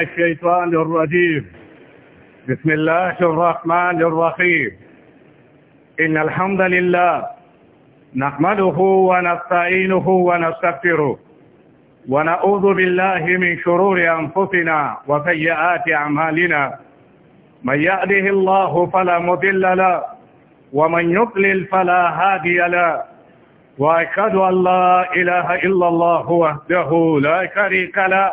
الشيطان الرجيم بسم الله الرحمن الرحيم إن الحمد لله نحمده ونستعينه ونستغفره ونعوذ بالله من شرور أنفسنا وسيئات أعمالنا من يأله الله فلا مضل له ومن يضلل فلا هادي له وأشهد أن لا إله إلا الله وحده لا شريك له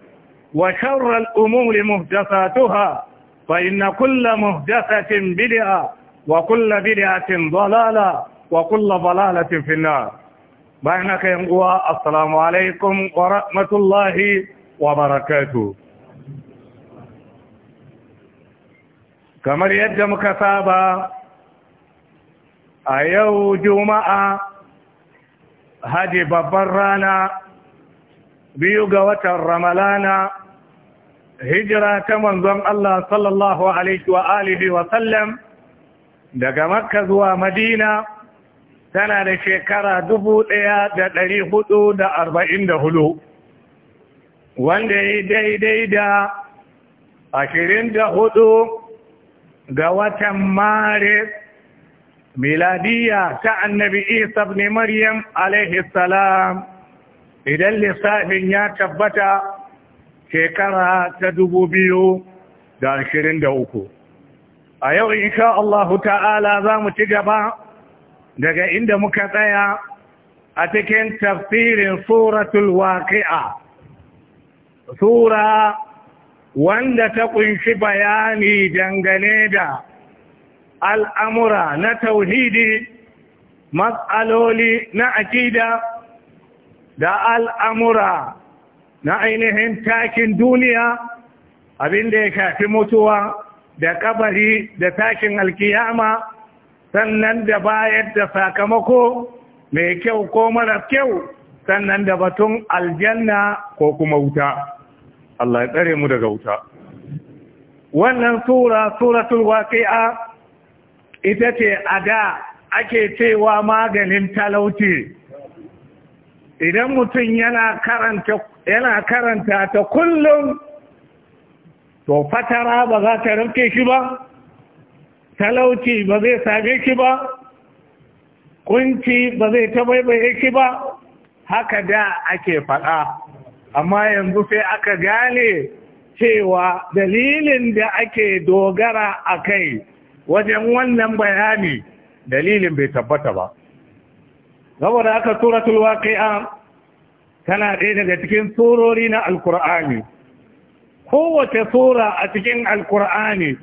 وشر الأمور مهدفاتها فإن كل مهدفة بدعة وكل بدعة ضلالة وكل ضلالة في النار بينك ينقوى السلام عليكم ورحمة الله وبركاته كما يجم كتابا أيو جمعة هذه ببرانا بيوغ وتر رملانا hijira ta manzon Allah sallallahu alaihi wa alihi wa sallam daga makka zuwa madina tana da shekara dubu ɗaya da dari hudu da arba'in da hudu wanda ya daidai da ashirin da hudu ga watan maris miladiya ta annabi isa ne maryam alaihi salam idan lissafin ya tabbata shekara ta dubu biyu da ashirin da uku a yau insha Allahu ta'ala za mu ci gaba daga inda muka tsaya a cikin tafsirin suratul waqi'a sura wanda ta kunshi bayani dangane da al'amura na tauhidi matsaloli na akida da al'amura na ainihin takin duniya abinda ya shafi mutuwa da kabari da takin alkiyama sannan da bayar da sakamako mai kyau ko mara kyau sannan da batun aljanna ko kuma wuta Allah ya tsare mu daga wuta wannan sura suratul waqi'a ita ce ada ake cewa maganin talauci idan mutum yana karanta yana karanta ta kullum to fatara ba za ta rufke shi ba talauci ba zai same shi ba kunci ba zai tabaibaye shi ba haka da ake faɗa amma yanzu sai aka gane cewa dalilin da ake dogara a kai wajen wannan bayani dalilin bai tabbata ba saboda aka kai waqi'a tana ɗaya daga cikin surori na alkur'ani kowace sura a cikin alkur'ani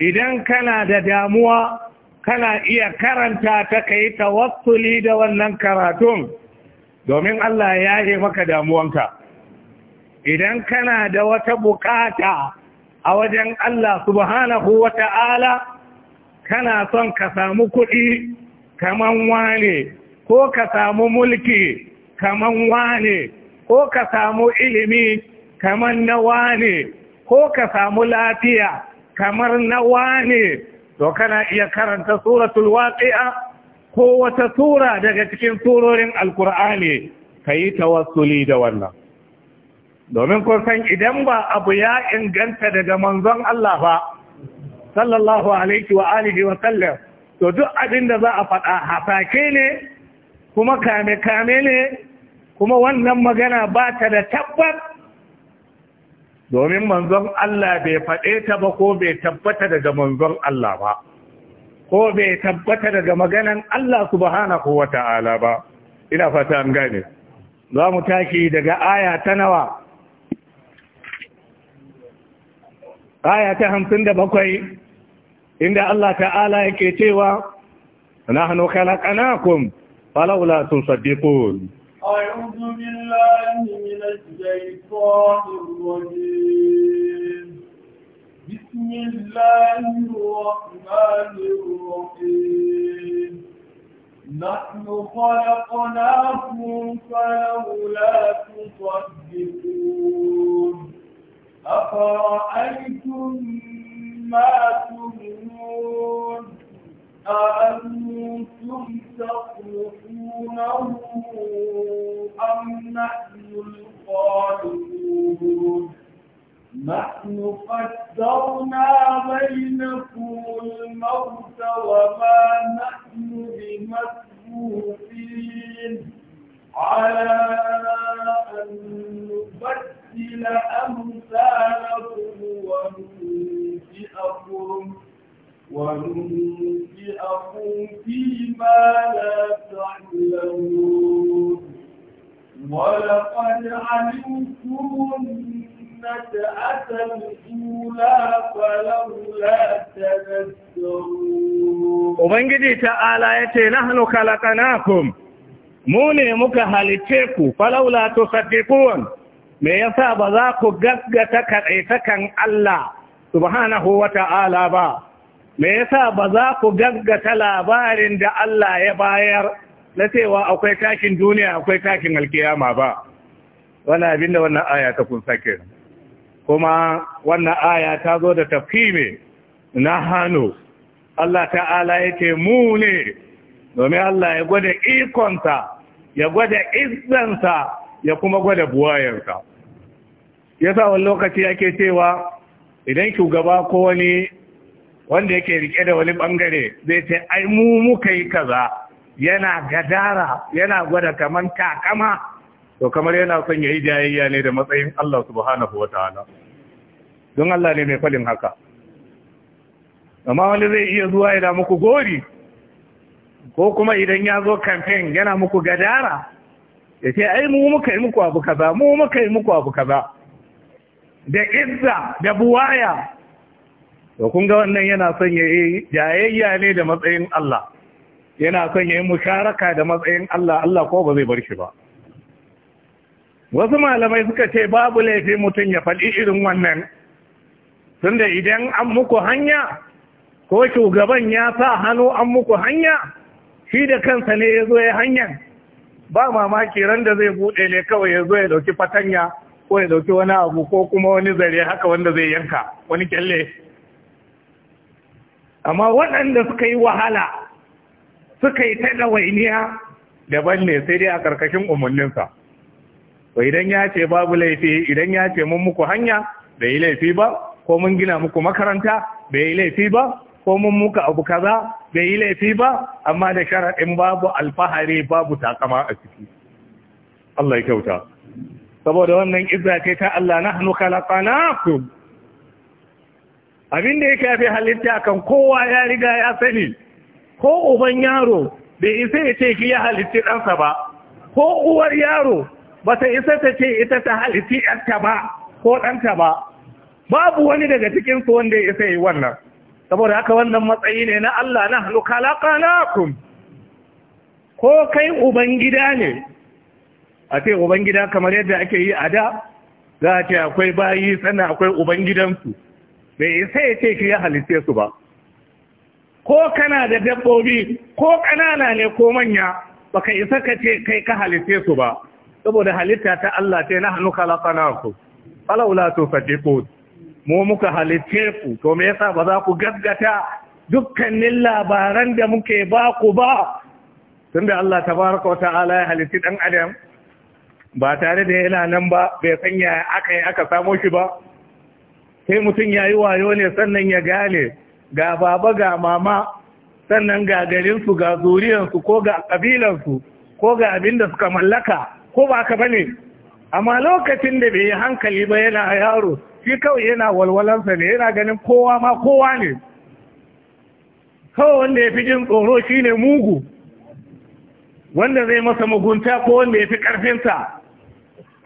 idan kana da damuwa kana iya karanta ta kai tawassuli da wannan karatun domin Allah ya yi maka damuwanka idan kana da wata bukata a wajen Allah subhanahu wa ta'ala kana son ka samu kuɗi kaman wane ko ka samu mulki kaman wane ko ka samu ilimi kaman na wane ko ka samu lafiya kamar na wane to kana iya karanta suratul waqi'a ko wata sura daga cikin surorin alkur'ani kayi tawassuli da wannan domin kun san idan ba abu ya inganta daga manzon Allah ba sallallahu alaihi wa alihi wa sallam to duk abin da za a faɗa hafake ne kuma kame kame ne kuma wannan magana ba ta da tabbat domin manzon Allah bai faɗe ta ba ko bai tabbata daga manzon Allah ba ko bai tabbata daga maganan Allah subhanahu wa ta'ala ba ina fata an gane za mu taki daga aya ta nawa aya ta hamsin da bakwai inda Allah ta'ala yake cewa nahnu khalaqnakum falawla tusaddiqun أعوذ بالله من الشيطان الرجيم بسم الله الرحمن الرحيم نحن خلقناكم فلولا تصدقون أفرأيتم ما تمنون أأنتم تخلقونه أم نحن الخالقون نحن قدرنا بينكم الموت وما نحن بمسبوقين على أن نبدل أمثالكم وننشئكم ubangiji فيما لا تعلمون ولقد علمتم النشأة الأولى فلولا تذكرون تعالى يتي نحن خلقناكم mu ne muka halice ku falaula to saddiqun me yasa ba za ku gaggata kadaitakan Allah subhanahu wata'ala ba me yasa ba za ku gaggata labarin da Allah ya bayar na cewa akwai tashin duniya akwai tashin alkiyama ba wannan abin da wannan aya ta kun sake kuma wannan aya ta zo da tafkime na hannu Allah ta'ala yake mu ne domin Allah ya gwada ikonsa ya gwada izzansa ya kuma gwada buwayarsa yasa wani lokaci yake cewa idan shugaba ko wani wanda yake rike da wani bangare zai ce ai mu muka yi kaza yana gadara yana gwada kaman takama to kamar yana son yayi jayayya ne da matsayin Allah subhanahu wataala don Allah ne mai falin haka amma wani zai iya zuwa yana muku gori ko kuma idan ya zo campaign yana muku gadara ya ce ai mu muka yi muku abu kaza mu muka yi muku abu kaza da izza da buwaya to kun ga wannan yana son ya yi jayayya ne da matsayin Allah yana son ya yi musharaka da matsayin Allah Allah ko ba zai bar shi ba wasu malamai suka ce babu laifi mutum ya faɗi irin wannan tunda idan an muku hanya ko shugaban ya sa hannu an muku hanya shi da kansa ne ya zo ya hanyar ba mamaki ran da zai buɗe ne kawai ya zo ya ɗauki fatanya ko ya ɗauki wani abu ko kuma wani zare haka wanda zai yanka wani kyalle amma waɗanda suka yi wahala suka yi ta ɗawainiya daban ne sai dai a ƙarƙashin umarninsa Ba idan ya ce babu laifi idan ya ce mun muku hanya bai yi laifi ba ko mun gina muku makaranta bai yi laifi ba ko mun muka abu kaza bai yi laifi ba amma da sharaɗin babu alfahari babu takama a ciki Allah ya kyauta saboda wannan izza ce ta Allah nahnu khalaqnakum abin da ya shafi halitta kan kowa ya riga ya sani ko uban yaro bai isa ya ce ya halitti ɗansa ba ko uwar yaro ba ta isa ta ce ita ta halitti ɗanta ba ko ɗanta ba babu wani daga cikin su wanda ya isa yi wannan saboda haka wannan matsayi ne na Allah na na kun!" ko kai uban gida ne a ce uban gida kamar yadda ake yi a da za a ce akwai bayi sannan akwai uban gidansu bai isa ya ce shi ya halitte su ba ko kana da dabbobi ko ƙanana ne ko manya baka isa ka ce kai ka halitte su ba saboda halitta ta Allah ce na hannu kalakana ku falaula to fadiku mu muka halitte ku to me yasa ba za ku gaggata dukkanin labaran da muke ba ku ba tunda Allah tabaraka wa ta'ala ya halitti dan adam ba tare da yana nan ba bai sanya aka yi aka samo shi ba sai mutum ya yi wayo ne sannan ya gane ga baba ga mama sannan ga garinsu ga zuriyarsu ko ga ƙabilansu ko ga abin da suka mallaka ko ba ka bane amma lokacin da bai yi hankali ba yana yaro shi kawai yana walwalansa ne yana ganin kowa ma kowa ne kawai wanda ya fi jin tsoro shi ne mugu wanda zai masa mugunta ko wanda ya fi ƙarfinsa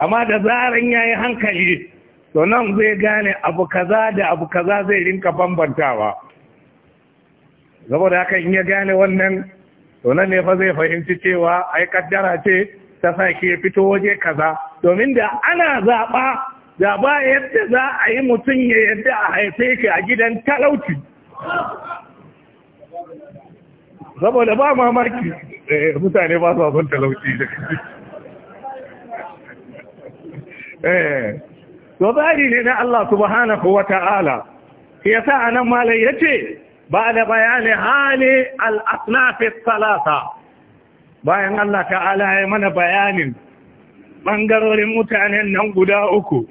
amma da zaran ya yi hankali to nan zai gane abu kaza da abu kaza zai rinka bambantawa saboda haka in ya gane wannan to nan ne fa zai fahimci cewa ai kaddara ce ta sa ke fito waje kaza domin da ana zaɓa da yadda za a yi mutum ya yadda a haife shi a gidan talauci saboda ba mamaki eh, mutane ba su son talauci da eh to ne na Allah subhanahu wa ta'ala ya sa a nan malai ya ce ba da bayanin hali al'asnafis talata bayan Allah ta'ala ya mana bayanin ɓangarorin mutanen nan guda uku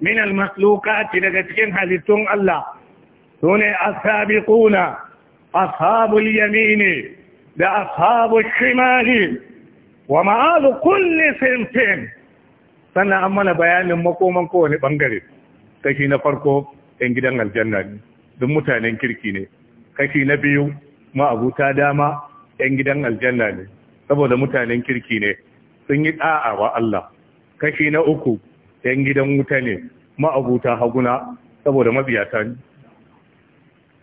min almaslukaci daga cikin halittun Allah su ne asabiquna ashabul yamini da ashabul shimari wa ma'alu kulli sinfin sannan an mana bayanin makoman kowane bangare kashi na farko yan gidan aljanna ne duk mutanen kirki ne kashi na biyu abuta dama yan gidan aljanna ne saboda mutanen kirki ne sun yi da'a wa Allah kashi na uku yan gidan wuta ne abuta haguna saboda mabiyata ne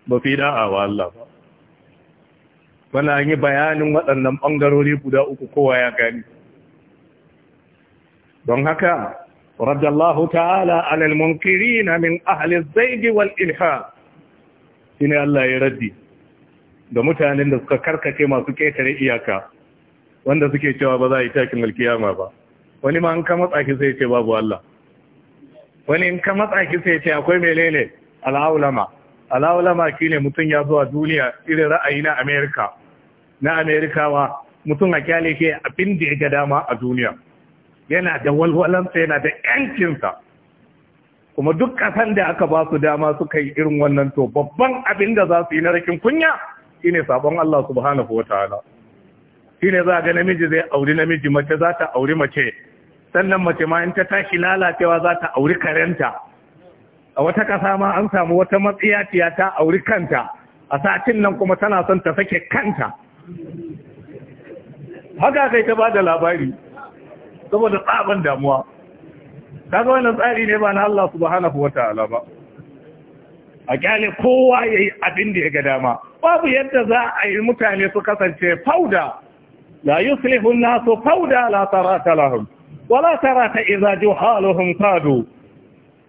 ba fi da'a wa Allah ba wannan yi bayanin waɗannan ɓangarori guda uku kowa ya gani don haka radiyallahu ta'ala alal munkirina min ahli zaidi wal ilha shine Allah ya raddi da mutanen da suka karkace masu ketare iyaka wanda suke cewa ba za a yi takin alkiyama ba wani ma in ka matsa sai ce babu Allah wani in ka matsa sai ce akwai menene al'aulama al'aulama shine mutum ya zuwa duniya irin ra'ayi na America na Amerikawa mutum a kyale ke abin da ya ga dama a duniya yana da walwalansa yana da yankinsa kuma duk kasan da aka ba su dama suka yi irin wannan to babban abin da za su yi na rikin kunya shine sabon Allah subhanahu shi shine za ga namiji zai auri namiji mace za ta auri mace sannan mace ma in ta tashi lalacewa za ta auri karenta a wata kasa ma an samu wata matsiyaciya ta auri kanta a satin nan kuma tana son ta sake kanta haka kai ta ba da labari saboda tsaban damuwa kaga wannan tsari ne ba na Allah subhanahu wataala ba a kyale kowa yayi abin da ya ga dama babu yadda za a yi mutane su kasance fauda la yuslihu an-nasu fauda la tarata lahum wala tarata idza juhaluhum qadu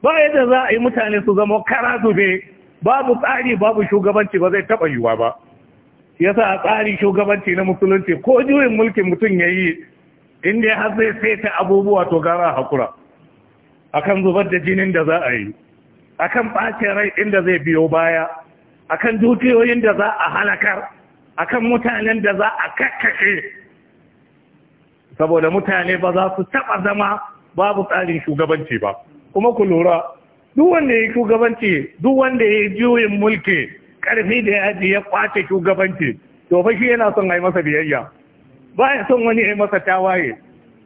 ba yadda za a yi mutane su zama karatu zube. babu tsari babu shugabanci ba zai taba yiwa ba yasa a tsari shugabanci na musulunci ko juyin mulkin mutum yayi inda ya zai saita abubuwa to gara hakura akan zubar da jinin da za a yi akan ɓacin rai inda zai biyo baya akan dukiyoyin da za a halakar akan mutanen da za a kakkashe saboda mutane ba za su taɓa zama babu tsarin shugabanci ba kuma ku lura duk wanda ya shugabanci duk wanda ya juyin mulki ƙarfi da yaji ya kwace shugabanci to fa shi yana son a yi masa biyayya ba ya son wani ya masa tawaye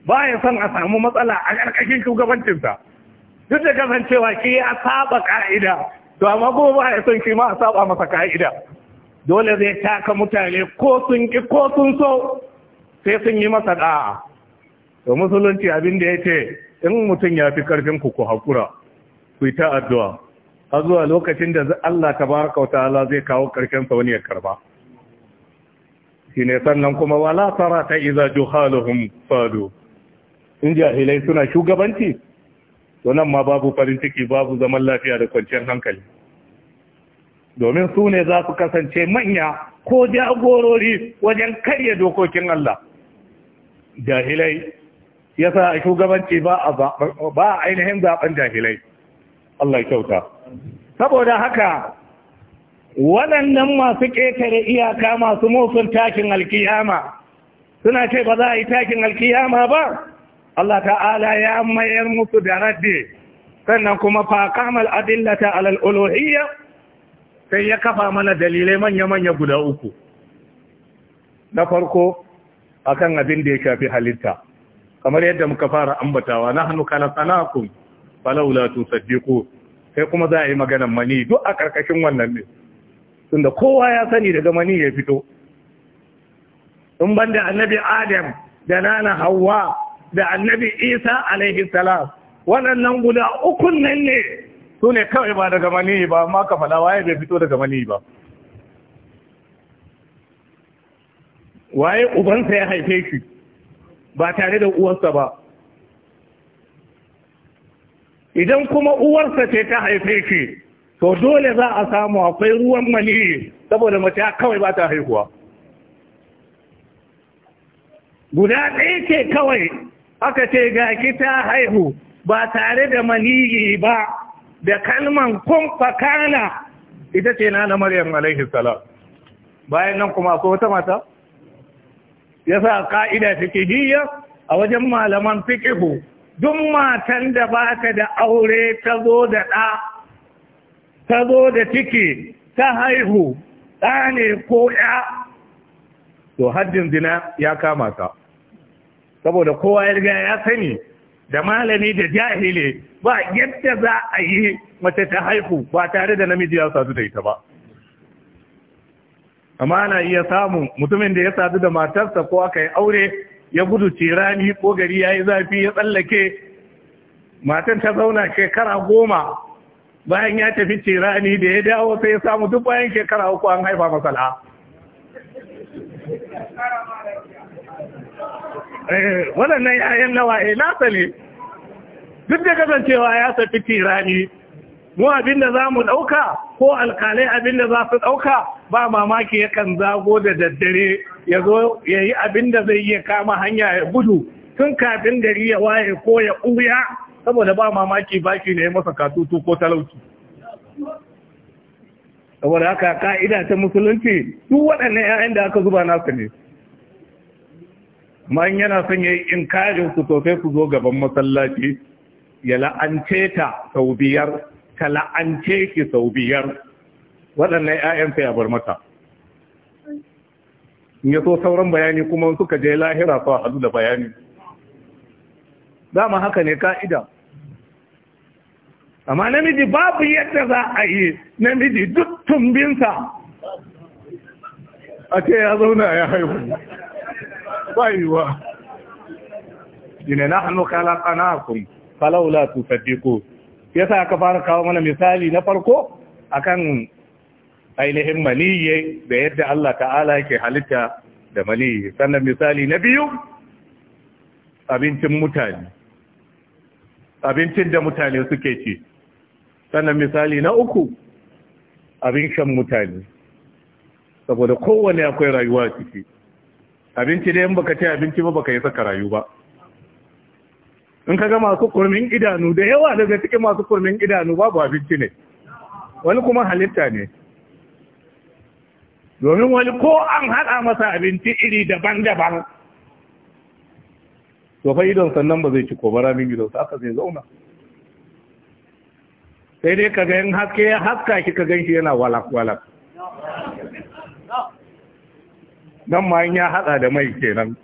ba ya son a samu matsala a ƙarƙashin shugabancinsa duk da kasancewa shi ya saba ka'ida to amma kuma ba ya son shi ma a saba masa ka'ida dole zai taka mutane ko sun ki ko sun so sai sun yi masa da'a to musulunci abin da ya ce in mutum ya fi karfin ku ku hakura ku yi ta addu'a har zuwa lokacin da Allah tabaraka wa ta'ala zai kawo karshen sa wani ya karba ne sannan kuma wala ta iza juhaluhum fadu in jahilai suna shugabanci to nan ma babu farin ciki babu zaman lafiya da kwanciyar hankali domin su ne za su kasance manya ko jagorori wajen karya dokokin Allah jahilai yasa a shugabanci ba a ainihin zaben jahilai Allah kyauta saboda haka waɗannan masu ƙetare iyaka masu motsin takin alkiyama suna ce ba za a yi takin alkiyama ba Allah ta'ala ya mayar musu da raddi sannan kuma faƙamal adillata alal uluhiyya sai ya kafa mana dalilai manya-manya guda uku na farko a kan abin da ya shafi halitta kamar yadda muka fara ambatawa na hannu kalasanakun falaula tusaddiku sai kuma za a yi maganan mani duk a ƙarƙashin wannan ne tunda kowa ya sani daga mani ya fito in ban da annabi adam da nana hawa da annabi isa alaihi salam waɗannan guda ukun nan ne su ne kawai ba daga mani ba amma ka falawa ya bai fito daga mani ba waye ubansa ya haife shi ba tare da uwarsa ba idan kuma uwarsa ce ta haife shi to dole za a samu akwai ruwan maniyi saboda mace kawai ba ta haihuwa guda ɗaya ce kawai aka ce ga kita ta haihu ba tare da maniyi ba da kalman kun fakana ita ce na na maryam alaihi salam bayan nan kuma akwai wata mata Ya ƙa'ida ka'ida fikihiyya a wajen malaman fikihu duk matan da baka da aure ta zo da ɗa ta zo da ciki ta haihu ɗa ne ko ya to haddin zina ya kama ta saboda kowa ya riga ya sani da malami da jahili ba yadda za a yi mace ta haihu ba tare da namiji ya sadu da ita ba amma ana iya samun mutumin da ya sadu da matarsa ko aka yi aure ya gudu cirani ko gari ya yi zafi ya tsallake matan ta zauna shekara goma bayan ya tafi tirani da ya dawo sai ya samu duk bayan shekara uku an haifa masala eh, waɗannan yayan nawa eh nasa ne duk da kasancewa ya tafi tirani, mu abinda za mu ɗauka ko alkalai abinda za su ɗauka ba mamaki yakan zago da daddare ya zo ya yi abinda zai iya kama hanya ya gudu tun kafin gari ya waye ko ya ɓuya saboda ba mamaki baki ne ya masa katutu ko talauci saboda haka ka'ida ta musulunci duk waɗannan 'ya'yan da aka zuba nasa ne man yana son ya yi inkarin su sosai su zo gaban masallaci ya la'ance ta sau biyar ta la'ance ki sau biyar waɗannan 'ya'yan sai a bar mata in ya so sauran bayani kuma suka je lahira su a da bayani dama haka ne ka'ida amma namiji babu yadda za a yi namiji duk tumbinsa a ce ya zauna ya haihu ba yiwa wa na hannu kalakanakun falaula tusaddiku ya sa aka fara kawo mana misali na farko akan ainihin maniyye da yadda Allah ta'ala yake halitta da maniyye sannan misali na biyu abincin mutane abincin da mutane suke ce sannan misali na uku abin shan mutane saboda kowane akwai rayuwa a ciki abinci da yin baka ce abinci ba baka yi saka rayu ba in ka ga masu kurmin idanu da yawa daga cikin masu kurmin idanu babu abinci ne wani kuma halitta ne domin wani ko an haɗa masa abinci iri daban-daban to fa idon sannan ba zai ci ko ba, min idon aka zai zauna sai dai ka in haske ya haska shi ka gan shi yana walak-walak don ma ya haɗa da mai kenan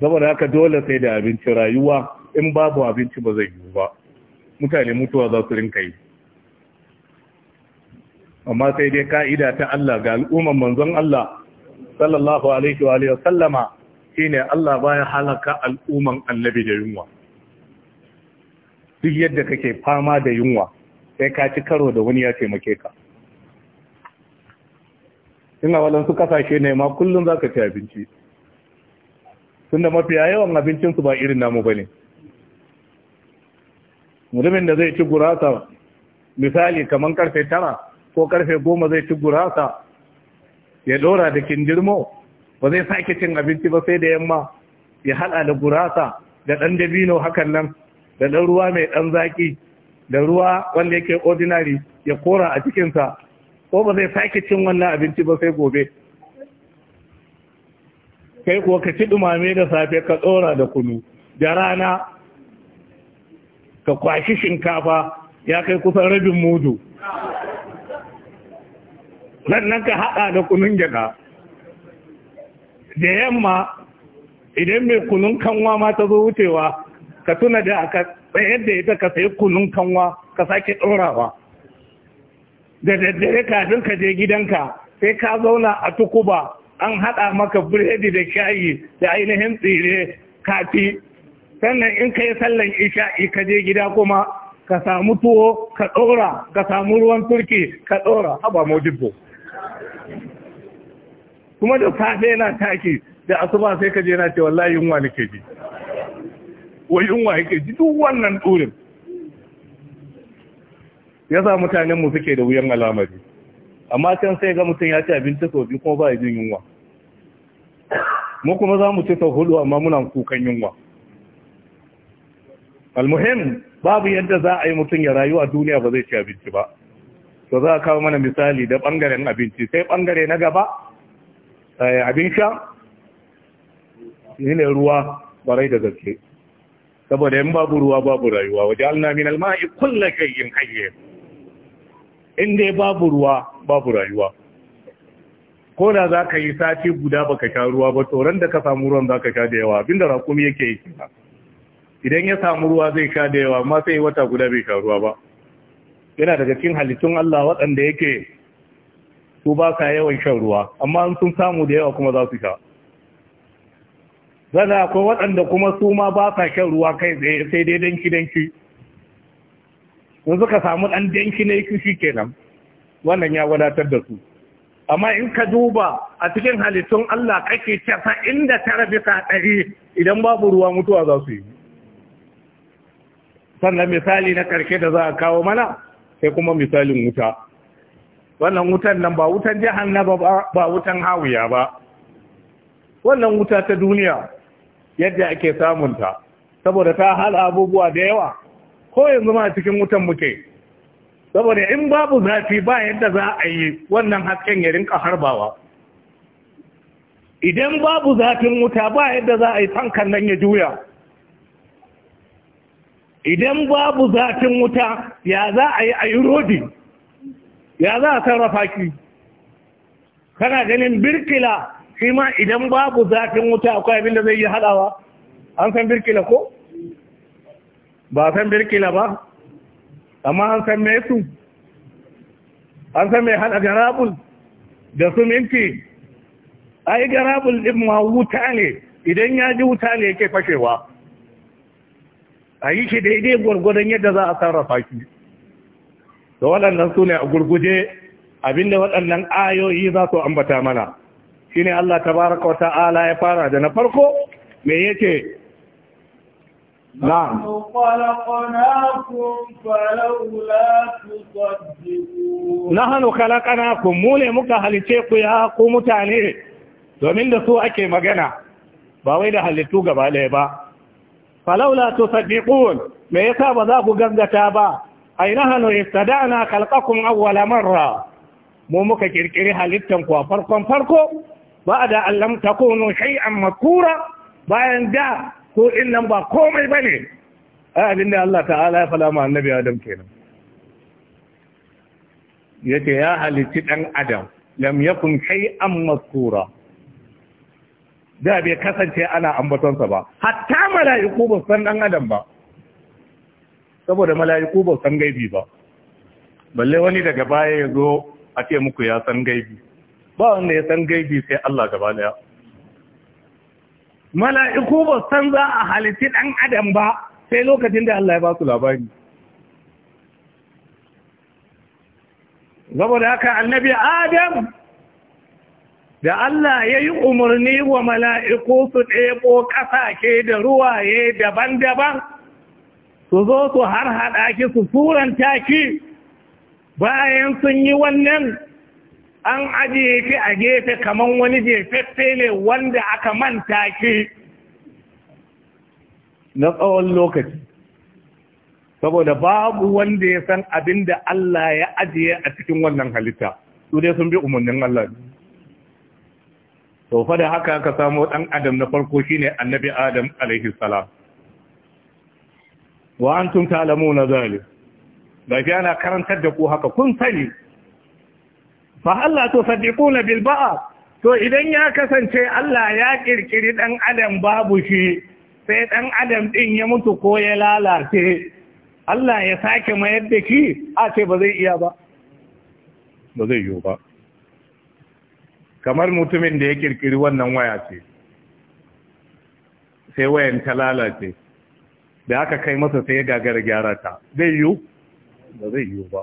saboda haka dole sai da abinci rayuwa in babu abinci ba zai yiwu ba mutane mutuwa za su rinka yi amma sai dai ka'ida ta Allah ga al'umman manzon Allah sallallahu alaihi wa sallama shine Allah baya halaka al'umman annabi da yunwa duk yadda kake fama da yunwa sai ka ci karo da wani ya taimake ka ina walansu kasashe ne ma kullum za ka ci abinci tunda mafiya yawan abincinsu ba irin namu ba ne mutumin da zai ci gurasa misali kamar karfe tara ko karfe goma zai ci gurasa ya dora da kindirmo ba zai sake cin abinci ba sai da yamma ya hada da gurasa da ɗan dabino hakan nan da ɗan ruwa mai ɗan zaki da ruwa wanda yake ordinary ya kora a cikinsa ko ba zai sake cin wannan abinci ba sai gobe kai ko ka ci dumame da safe ka tsora da kunu da rana ka kwashi shinkafa ya kai kusan rabin mudu sannan ka haɗa da kunun gyaɗa da yamma idan mai kunun kanwa ma ta zo wucewa ka tuna da aka tsayar da ita ka sai kunun kanwa ka sake ɗorawa da daddare kafin ka je gidanka sai ka zauna a tukuba an haɗa maka biredi da shayi da ainihin tsire kafi sannan in ka yi sallan isha'i ka je gida kuma ka samu tuwo ka ɗora ka samu ruwan turki ka ɗora haba modibo kuma da safe na taki da asuba sai ka je na ce wallahi yunwa nake ji wa yunwa yake ji duk wannan turin ya sa mutanenmu suke da wuyan alamari amma can sai ga mutum ya ci abinci sau biyu kuma ba ya jin yunwa mu kuma za mu ci sau hudu amma muna kukan yunwa almuhim babu yadda za a yi mutum ya rayu a duniya ba zai ci abinci ba to za a kawo mana misali da bangaren abinci sai bangare na gaba eh, abin sha ne ruwa barai da gaske saboda 'yan babu ruwa babu rayuwa waje alna min alma'i kullu shay'in hayy in dai babu ruwa babu rayuwa ko da za yi sati guda baka sha ruwa ba toran da ka samu ruwan za ka sha da yawa abinda rakumi yake yi idan ya samu ruwa zai sha da yawa amma sai wata guda bai sha ruwa ba yana daga cikin halittun Allah waɗanda yake su ba ka yawan shan ruwa amma sun samu da yawa kuma za su sha zana akwai waɗanda kuma su ma ba sa shan ruwa kai tsaye sai dai danki danki in suka samu ɗan danki na yaki shi kenan wannan ya wadatar da su amma in ka duba a cikin halittun Allah kake inda ta tara bisa ɗari idan babu ruwa mutuwa za su yi sannan misali na ƙarshe da za a kawo mana sai kuma misalin wuta wannan wutan nan ba wutan na ba wutan hawiya ba wannan wuta ta duniya yadda ake samunta saboda ta hala abubuwa da yawa ko yanzu ma cikin wutan muke saboda in babu zafi ba yadda za a yi wannan hasken ya rinka harbawa idan babu zafin wuta ba yadda za a yi fankan nan ya juya idan babu zafin wuta ya za a yi a rodi ya za a sarrafa ki kana ganin birkila shi ma idan babu zafin wuta akwai abin da zai yi haɗawa an san birkila ko ba san birkila ba amma an san mai su an san mai haɗa garabul da su minti ai garabul ɗin ma wuta ne idan ya ji wuta ne yake fashewa a yi shi daidai gwargwadon yadda za a sarrafa shi da waɗannan su a gurguje abinda waɗannan ayoyi za su ambata mana shine Allah tabaraka wata ta'ala ya fara da na farko me yake na'am nahnu khalaqnakum mu ne muka halice ku ya ku mutane domin da su ake magana ba wai da halittu gaba ɗaya ba to tusaddiqun me yasa ba za ku gangata ba aina hanu istada'na khalqakum awwala marra mu muka kirkiri halittan ku a farkon farko ba da allam ta kono shay'an makura bayan da ko in nan ba komai ba ne a abin Allah ta'ala ya fala ma annabi adam kenan yace ya halitti dan adam lam yakun shay'an makura da bai kasance ana ambatonsa ba hatta mala'iku ba san dan adam ba saboda mala'iku ba san gaibi ba balle wani daga baya ya zo a ce muku ya san gaibi ba wanda ya san gaibi sai Allah gaba daya mala'iku ba san za a halitti ɗan adam ba sai lokacin da Allah ya ba su labari saboda haka annabi adam da Allah ya yi umarni wa mala'iku su ɗebo ƙasashe da ruwaye daban-daban su zo su har haɗa ki su suranta ki bayan sun yi wannan an ajiye shi a gefe kamar wani jefeffe ne wanda aka manta shi na tsawon lokaci saboda babu wanda ya san abin da Allah ya ajiye a cikin wannan halitta su dai sun bi umarnin Allah to fa da haka aka samu dan adam na farko shine annabi adam alaihi salam wa antum ta'lamuna zalik ba ana karantar da ku haka kun sani fa Allah to sadiquna bil ba'a to idan ya kasance Allah ya kirkiri dan adam babu shi sai dan adam din ya mutu ko ya lalace Allah ya sake mayar da shi a ce ba zai iya ba ba zai yi ba kamar mutumin da ya kirkiri wannan waya ce sai wayan ta lalace da aka kai masa sai ya gagara gyara ta zai yi ba zai yi ba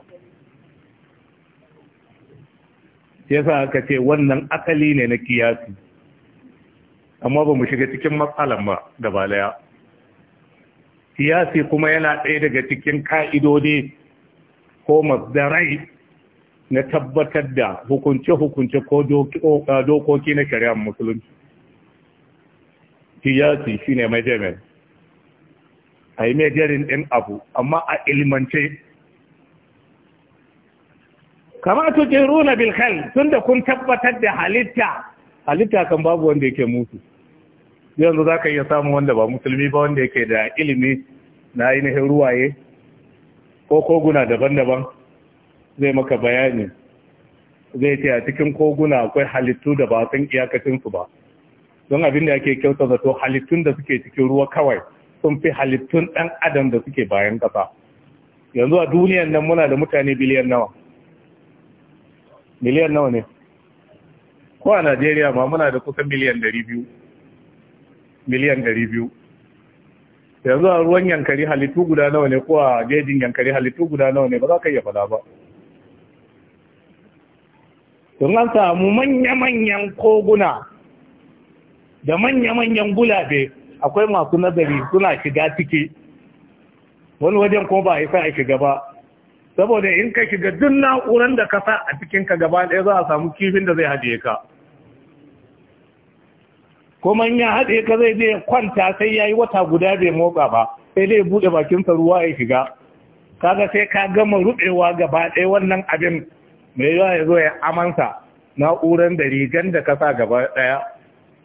ya yasa aka ce wannan asali ne na kiyasi amma ba mu shiga cikin matsalan ba da balaya kiyasi kuma yana ɗaya daga cikin ka'idodi ko masdarai na tabbatar da hukunce-hukunce ko dokoki na shari'ar musulunci kiyasi shi ne measurement a yi measuring ɗin abu amma a ilmance kama tuqiruna bil khalq tunda kun tabbatar da halitta halitta kan babu wanda yake mutu yanzu zaka iya samu wanda ba musulmi ba wanda yake da ilimi na ainihin ruwaye ko koguna daban-daban zai maka bayani zai ce a cikin koguna akwai halittu da ba san iyakacinsu ba don abin da ake kyauta zato halittun da suke cikin ruwa kawai sun fi halittun ɗan adam da suke bayan kasa. yanzu a duniyan nan muna da mutane biliyan nawa miliyan nawa ne ko a najeriya ma muna da kusan miliyan dari biyu, miliyan dari biyu. yanzu a ruwan yankari halittu guda nawa ne ko a jejin yankari halittu guda nawa ne ba za ka iya fada ba sun an samu manya-manyan koguna da manya-manyan gulabe akwai masu nazari suna shiga ciki wani wajen kuma ba a yi sa a shiga ba saboda in ka shiga duk na'uran da ka a cikinka ka gaba ɗaya za a samu kifin da zai haɗe ka kuma in ya haɗe ka zai je kwanta sai ya yi wata guda bai motsa ba sai dai buɗe bakinsa ruwa ya shiga kaga sai ka gama ruɓewa gaba ɗaya wannan abin mai yawa ya zo ya amansa na'uran da rigan da ka gaba ɗaya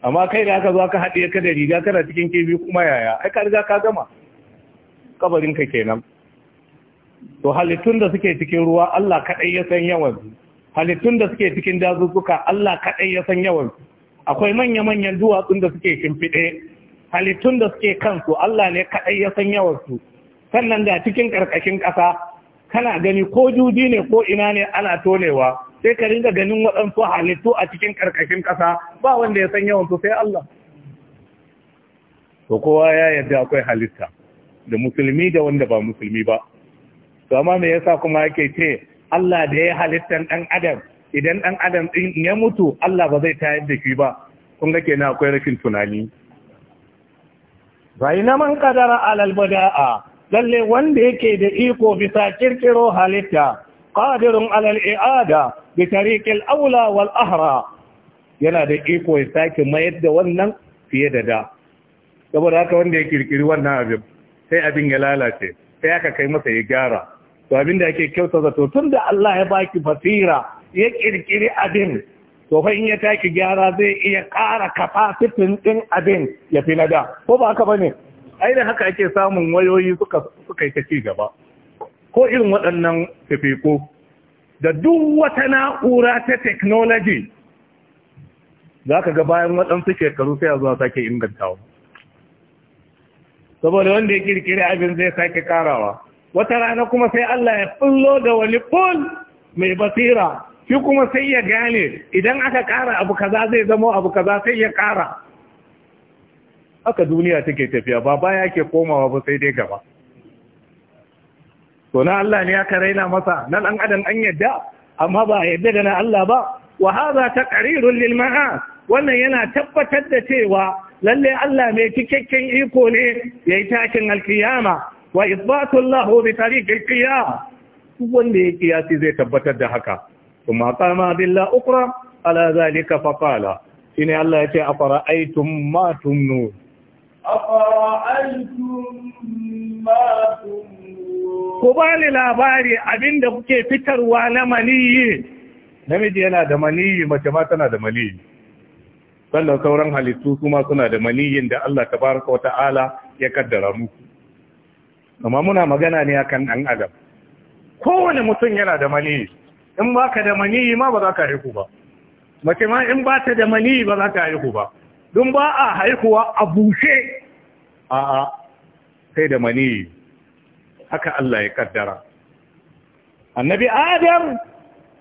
amma kai da aka zo ka haɗe ka da riga kana cikin kifi kuma yaya ai ka riga ka gama kabarinka kenan to halittun da suke cikin ruwa Allah kaɗai ya san yawan halittun da suke cikin dazuzzuka Allah kaɗai ya san yawan su akwai manya-manyan duwatsun da suke shimfiɗe halittun da suke kansu Allah ne kaɗai ya san yawan sannan da cikin ƙarƙashin ƙasa kana gani ko juji ne ko ina ne ana tonewa sai ka ringa ganin waɗansu halittu a cikin ƙarƙashin ƙasa ba wanda ya san yawan sai Allah to kowa ya yarda akwai halitta da musulmi da wanda ba musulmi ba to amma me yasa kuma yake ce Allah da ya halitta dan adam idan dan adam din ya mutu Allah ba zai tayar da shi ba kun ga kenan akwai rashin tunani bayna man qadara alal bada'a lalle wanda yake da iko bisa kirkiro halitta qadirun al i'ada bi al aula wal ahra yana da iko ya sake mayar da wannan fiye da da saboda haka wanda ya kirkiri wannan abin sai abin ya lalace sai aka kai masa ya gyara to abin da ake kyauta zato tun da Allah ya baki basira ya kirkiri abin to fa in ya taki gyara zai iya ƙara kafasitin ɗin abin ya fi na ko ba haka bane ai da haka ake samun wayoyi suka suka ta ci gaba ko irin waɗannan fifiko da duk wata na'ura ta technology za ka ga bayan waɗansu shekaru sai a zuwa sake ingantawa saboda wanda ya kirkiri abin zai sake karawa wata rana kuma sai Allah ya fullo da wani ful mai basira shi kuma sai ya gane idan aka ƙara abu kaza zai zama abu kaza sai ya ƙara haka duniya take tafiya ba baya ke komawa ba sai dai gaba to na Allah ne aka raina masa na dan adam an yadda amma ba yadda da na Allah ba wa hadha taqrirun lil ma'as wannan yana tabbatar da cewa lalle Allah mai cikakken iko ne yi takin alkiyama wa isbatullahu bi al qiyas wanda ya kiyasi zai tabbatar da haka kuma qama billa ukra ala zalika fa qala inna Allah yace afara aitum ma tumnu afara aitum ma tumnu ko ba ni labari abinda kuke fitarwa na maniyi namiji yana da maniyi mace ma tana da maniyi sannan sauran halittu kuma suna da maniyin da Allah tabaraka wa ta'ala ya kaddara muku amma muna magana ne akan ɗan adam kowane mutum yana da maniyi in ba ka da maniyi ma ba za ka haihu ba mace ma in ba ta da maniyi ba za ta haihu ba don ba a haihuwa a bushe a'a sai da maniyi haka Allah ya kaddara annabi adam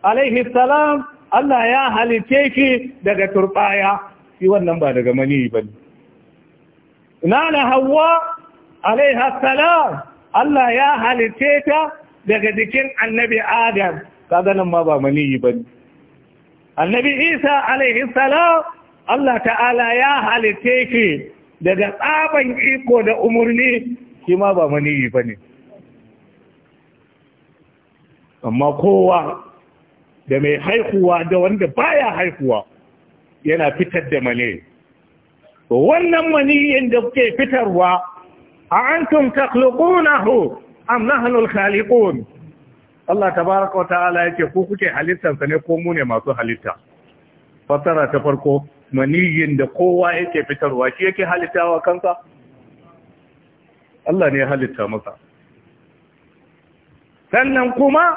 alaihi salam Allah ya halice shi daga turbaya shi wannan ba daga maniyi ba ne na na hawa alaiha salam Allah ya halitte ta daga jikin annabi Adam kaga nan ma ba maniyi bane annabi Isa alaihi salam Allah ta'ala ya halitte ki. daga tsaban iko da umurni shi ma ba maniyi bane amma kowa da mai haihuwa da wanda baya haihuwa yana fitar da mani wannan maniyin da ke fitarwa أأنتم تخلقونه أم نحن الخالقون Allah tabaraka wa ta'ala yake ku kuke halittarsa ne ko mu ne masu halitta fasara ta farko maniyin da kowa yake fitarwa shi yake halittawa kansa Allah ne ya halitta masa sannan kuma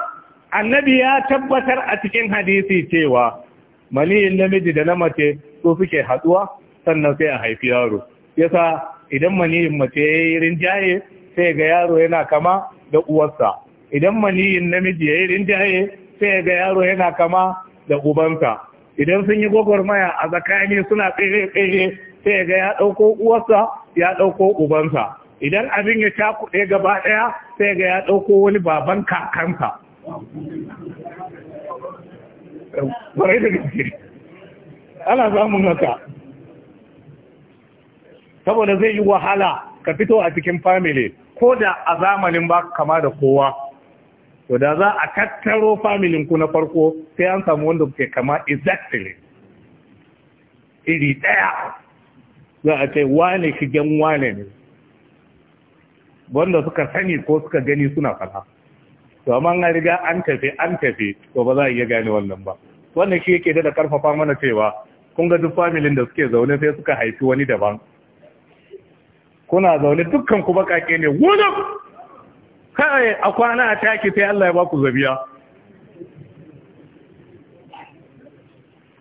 annabi ya tabbatar a cikin hadisi cewa maniyin namiji da na mace su suke haduwa sannan sai a haifi yaro yasa idan maniyin mace ya yi rinjaye sai ga yaro yana kama da uwarsa idan maniyin namiji ya yi rinjaye sai ga yaro yana kama da ubansa idan sun yi gwagwarmaya a tsakani suna tsere-tsere sai ga ya ɗauko uwarsa ya ɗauko ubansa idan abin ya kuɗe gaba ɗaya sai ga ya ɗauko wani baban kakansa ana samun haka saboda zai yi wahala ka fito a cikin family ko da a zamanin ba kama da kowa to da za a tattaro familin ku na farko sai an samu wanda ke kama exactly iri daya za a ce wane shi shigen wane ne wanda suka sani ko suka gani suna fara to amma an riga an tafi an tafi to ba za a iya gane wannan ba wannan shi yake da karfafa mana cewa kun ga duk familin da suke zaune sai suka haifi wani daban kuna zaune dukkan ku bakake ne wuzuf kai a kwana a taki sai Allah ya ba ku zabiya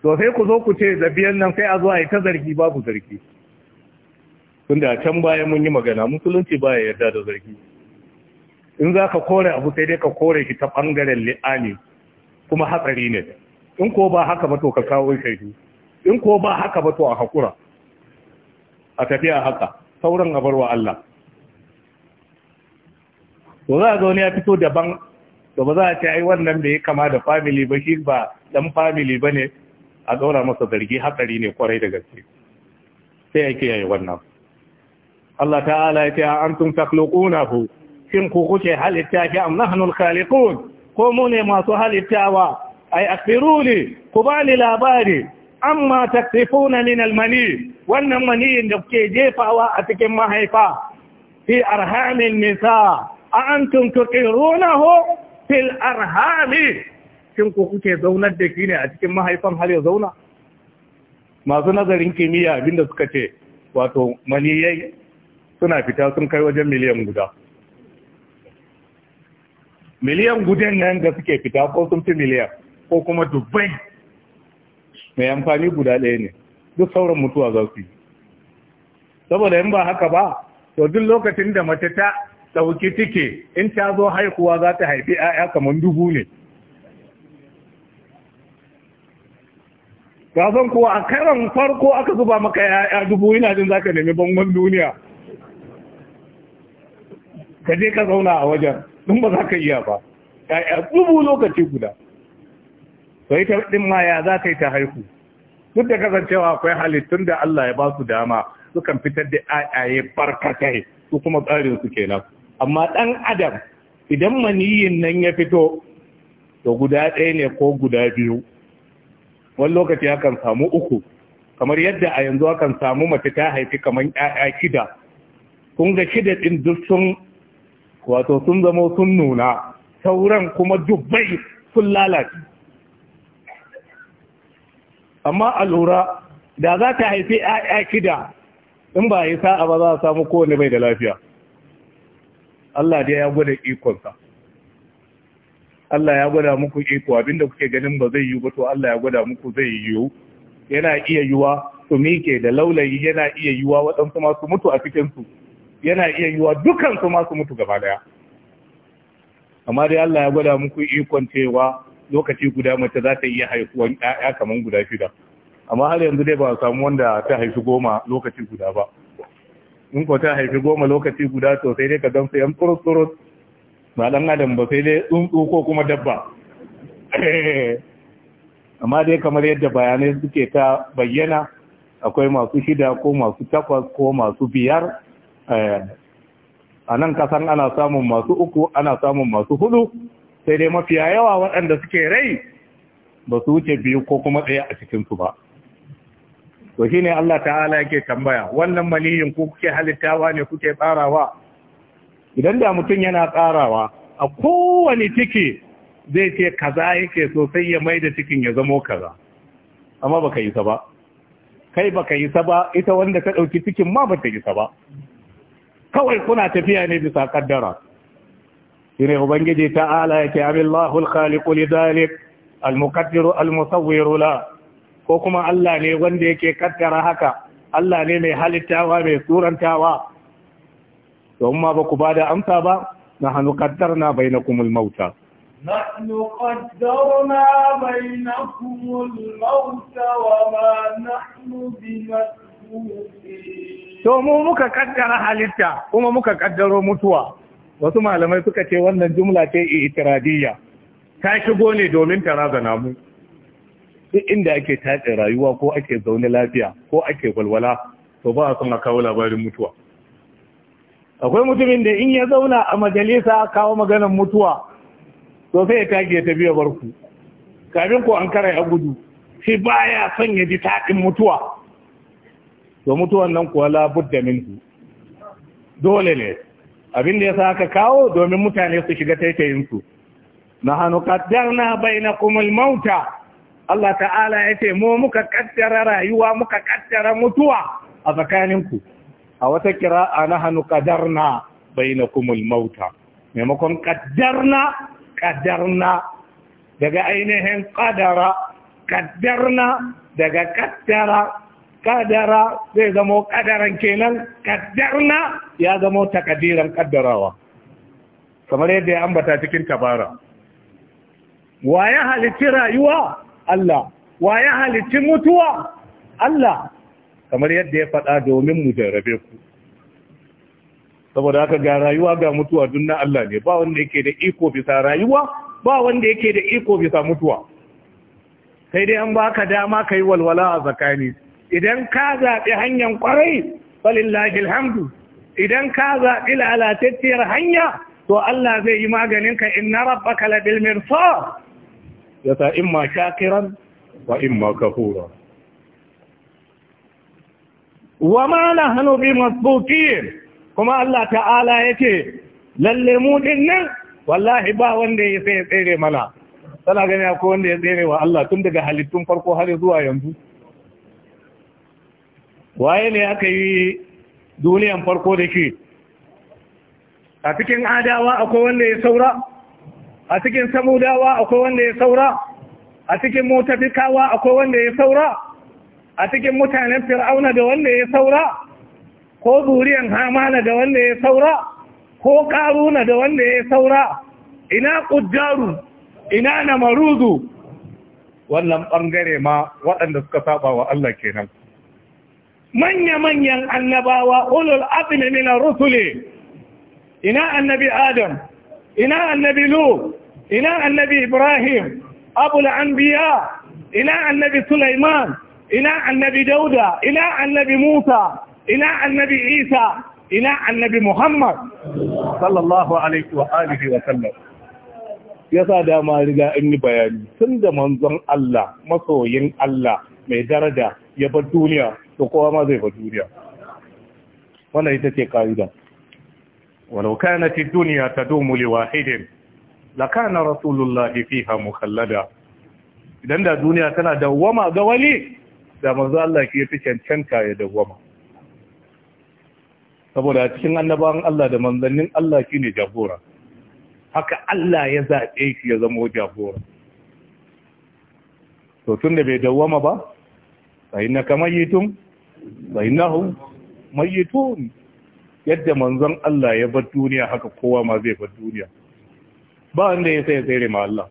to sai ku zo ku ce zabiyan nan sai a zo a yi ta zargi ku zargi tunda a can baya mun yi magana musulunci baya yarda da zargi in za ka kore abu sai dai ka kore shi ta ɓangaren li'ani kuma hatsari ne in ko ba haka ba to ka kawo shaidu in ko ba haka ba to a hakura a tafiya haka sauran a barwa Allah to za a zaune ya fito daban to ba za a ce ai wannan da ya kama da family ba shi ba ɗan family ba ne a zaura masa zargi hatsari ne kwarai da gaske sai ake yayi wannan Allah ta'ala ya ce an tun ku, shin ku kuke halitta ki am nahnu al-khaliqun ko mu ne masu halittawa ai ne ku bani labari amma takrifuna min almani wannan mani da kuke jefawa a cikin mahaifa fi arhamin nisa a runa ho fil arhami shin ku kuke zaunar da shi ne a cikin mahaifan har ya zauna masu nazarin kimiyya abinda suka ce wato maniyai suna fita sun kai wajen miliyan guda miliyan gudan nan da suke fita ko sun fi miliyan ko kuma dubbai mai amfani guda ɗaya ne duk sauran mutuwa za su yi saboda in ba haka ba to duk lokacin da mace ta ɗauki tike in ta zo haihuwa za ta haifi 'ya'ya kamar dubu ne gasan kuwa a karan farko aka zuba maka 'ya'ya dubu ina jin za ka nemi bangon duniya ka je ka zauna a wajen ɗin ba za ka iya ba 'ya'ya dubu lokaci guda to ita din ma za ta yi ta haihu duk da kasancewa akwai halittun da Allah ya ba su dama sukan fitar da ayaye barkatai su kuma tsarin su kenan amma ɗan adam idan maniyin nan ya fito to guda ɗaya ne ko guda biyu wani lokaci akan samu uku kamar yadda a yanzu akan samu mace ta haifi kamar 'ya'ya shida kun ga shida ɗin duk sun wato sun zama sun nuna sauran kuma dubbai sun lalace amma a lura da za ta haifi ‘ya'ya shida in ba yi sa'a ba za a samu kowane mai da lafiya Allah dai ya gwada ikonsa Allah ya gwada muku iko abinda kuke ganin ba zai yi ba to Allah ya gwada muku zai yiwu yana iya yiwa su mike da laulayi yana iya yiwa waɗansu masu mutu a cikinsu yana iya yiwa dukansu masu mutu gaba daya amma dai Allah ya gwada muku ikon cewa lokaci guda mace za ta iya haifuwan ya kamar guda shida amma har yanzu dai ba a samu wanda ta haifi goma lokaci guda ba in ko ta haifi goma lokaci guda sosai, sai dai ka gamsu yan tsurut ba dan adam ba sai dai tsuntsu ko kuma dabba amma dai kamar yadda bayanai suke ta bayyana akwai masu shida ko masu takwas ko masu biyar eh, a nan kasan ana samun masu uku ana samun masu hudu sai dai mafiya yawa waɗanda suke rai ba su wuce biyu ko kuma ɗaya a cikinsu ba to ne Allah ta'ala yake tambaya wannan maniyin ku kuke halittawa ne kuke tsarawa idan da mutum yana tsarawa a kowane ciki zai ce kaza yake so sai ya da cikin ya zamo kaza amma baka yi sa ba kai baka yi sa ba ita wanda ta ɗauki cikin ma bata yi sa ba kawai kuna tafiya ne bisa kaddara shine ubangiji ta'ala yake abillahu al-khaliqu lidhalik al-muqaddiru al-musawwiru la ko kuma Allah ne wanda yake kaddara haka Allah ne mai halittawa mai surantawa to amma ba ku bada amsa ba Na nahnu qaddarna bainakumul mauta نحن قدرنا بينكم الموت وما نحن بمسؤولين to mu muka kaddara halitta kuma muka kaddaro mutuwa wasu malamai suka ce wannan jumla ce itiradiyya ta shigo ne domin ta razana mu duk inda ake tatse rayuwa ko ake zaune lafiya ko ake walwala to ba a son kawo labarin mutuwa akwai mutumin da in ya zauna a majalisa kawo maganar mutuwa to sai ya tage ta biya barku kafin ko an kare a gudu shi baya son ya ji taɗin mutuwa to mutuwan nan kuwa labudda minhu dole ne abin da ya sa aka kawo domin mutane su shiga hannu su na bai na kumul mauta Allah ta'ala Ya ce mu muka kaddara rayuwa muka kaddara mutuwa a tsakaninku a wata a na kira'a na bai na kumul mauta maimakon qaddarna na, daga ainihin qadara na daga kaddara kadara zai zama kadaran kenan kaddarna ya zama takadiran kaddarawa kamar yadda ya ambata cikin tabara wa ya halitti rayuwa Allah wa ya halitti mutuwa Allah kamar yadda ya faɗa domin mu jarabe ku saboda haka ga rayuwa ga mutuwa duk na Allah ne ba wanda yake da iko bisa rayuwa ba wanda yake da iko bisa mutuwa sai dai an baka dama kai walwala a zakani idan ka zaɓi hanyar ƙwarai falillahi alhamdu idan ka zaɓi lalatacciyar hanya to Allah zai yi maganin maganinka inna rabbaka labil mirsad ya sa imma shakiran wa imma kafura wa ma nahnu bi masbuqin kuma Allah ta'ala ya ce lalle mu dinnan wallahi ba wanda ya sai tsere mana sana gani akwai wanda ya tsere wa Allah tun daga halittun farko har zuwa yanzu waye ne aka yi duniyan farko da ke? a cikin adawa akwai wanda ya saura a cikin samudawa akwai wanda ya saura a cikin mutafikawa akwai wanda ya saura a cikin mutanen fir'auna da wanda ya saura ko zuriyan hamana da wanda ya saura ko karuna da wanda ya saura ina kujjaru ina na namaruzu wannan bangare ma waɗanda suka saba wa Allah kenan manya-manyan annabawa ulul azmi min rusuli ina annabi adam ina annabi lu ina annabi ibrahim abul anbiya ina annabi sulaiman ina annabi dauda ina annabi musa ina annabi isa ina annabi muhammad sallallahu alaihi wa alihi wa sallam yasa dama riga in bayani tun da manzon Allah masoyin Allah mai daraja ya bar duniya to kowa ma zai faɗi duniya wannan ita ce ka'ida walau kanat ta dunya tadumu li wahidin lakana rasulullahi fiha mukhallada idan da duniya tana dawwama ga wali da manzo Allah ke fi cancanta ya dawwama saboda cikin annabawan Allah da manzannin Allah shine jagora haka Allah ya zaɓe shi ya zama jagora to tunda bai dawwama ba fa innaka mayyitun fa innahum mayyitun yadda manzon Allah ya bar duniya haka kowa ma zai bar duniya ba wanda ya sai tsere ma Allah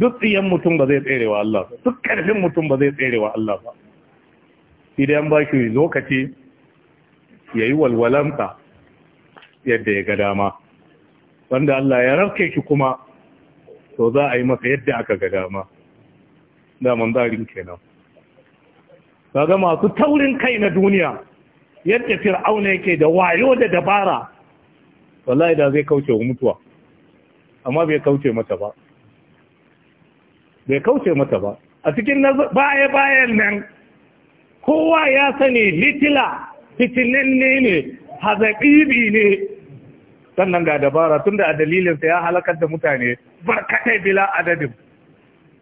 duk tsiyan mutum ba zai tsere wa Allah ba duk karfin mutum ba zai tsere wa Allah ba idan ba shi lokaci ya yi walwalanta yadda ya ga dama wanda Allah ya rafke shi kuma to za a yi masa yadda aka ga dama daman zarin kenan kaga masu taurin kai na duniya yadda fir'auna yake da wayo da dabara wallahi da zai kauce wa mutuwa amma bai kauce mata ba bai kauce mata ba a cikin baya-bayan nan kowa ya sani litila fitinanne ne hazaƙibi ne sannan ga dabara tunda a dalilinsa ya halakar da mutane barkatai bila adadin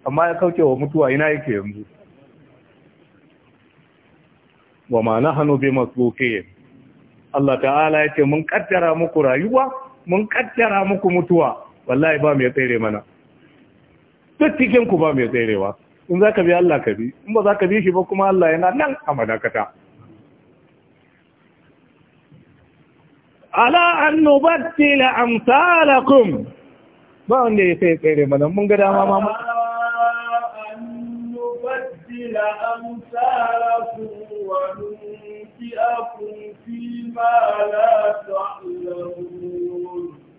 amma ya kauce wa mutuwa ina yake yanzu wa ma nahnu bimasbuqin Allah ta'ala yake mun kaddara muku rayuwa mun kaddara muku mutuwa wallahi ba mai tsere mana duk cikin ku ba mai tserewa in zaka bi Allah ka bi in ba zaka bi shi ba kuma Allah yana nan a madakata ala an nubattila amsalakum ba wanda ya sai tsere mana mun ga dama ma ala an nubattila amsalakum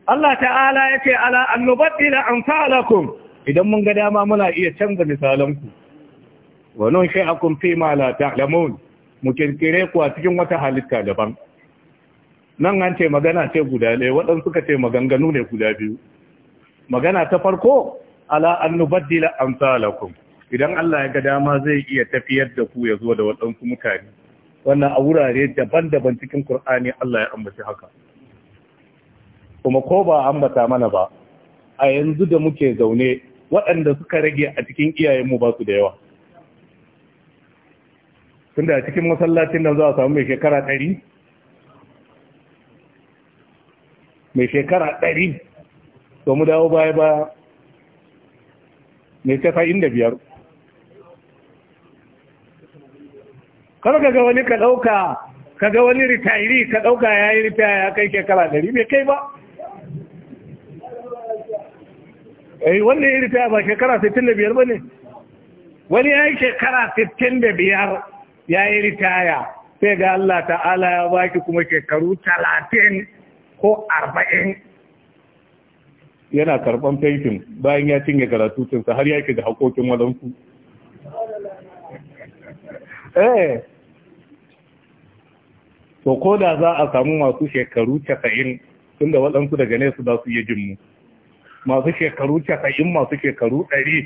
Allah ta'ala ya ce ala annubaddi na amfalakun idan mun ga dama muna iya canza misalanku wannan shi akun fi mala ta'lamun mu kirkire ku a cikin wata halitta daban nan an ce magana ce guda ɗaya waɗansu suka ce maganganu ne guda biyu magana ta farko ala annubaddi la amsalakum idan Allah ya ga dama zai iya tafiyar da ku ya zo da waɗansu mutane wannan a wurare daban-daban cikin Kur'ani Allah ya ambaci haka kuma ko ba ambata mana ba a yanzu da muke zaune waɗanda suka rage a cikin iyayenmu ba su da yawa tunda a cikin masallacin nan za a samu mai shekara ɗari mai shekara ɗari to dawo baya ba mai tafa'in inda biyar kar ka ga wani ka dauka ka ga wani retiree ka dauka ya yi ritaya ya kai shekara ɗari bai kai ba eh wanda ya ritaya ba shekara sittin da biyar ba ne wani ya yi shekara sittin da biyar ya yi ritaya sai ga Allah ta'ala ya baki kuma shekaru talatin ko arba'in yana karban pension bayan ya cinye karatutunsa har yake da haƙoƙin wadansu eh to ko da za a samu masu shekaru casa'in tun da waɗansu daga nesa za su iya jin mu masu shekaru casa'in masu shekaru ɗari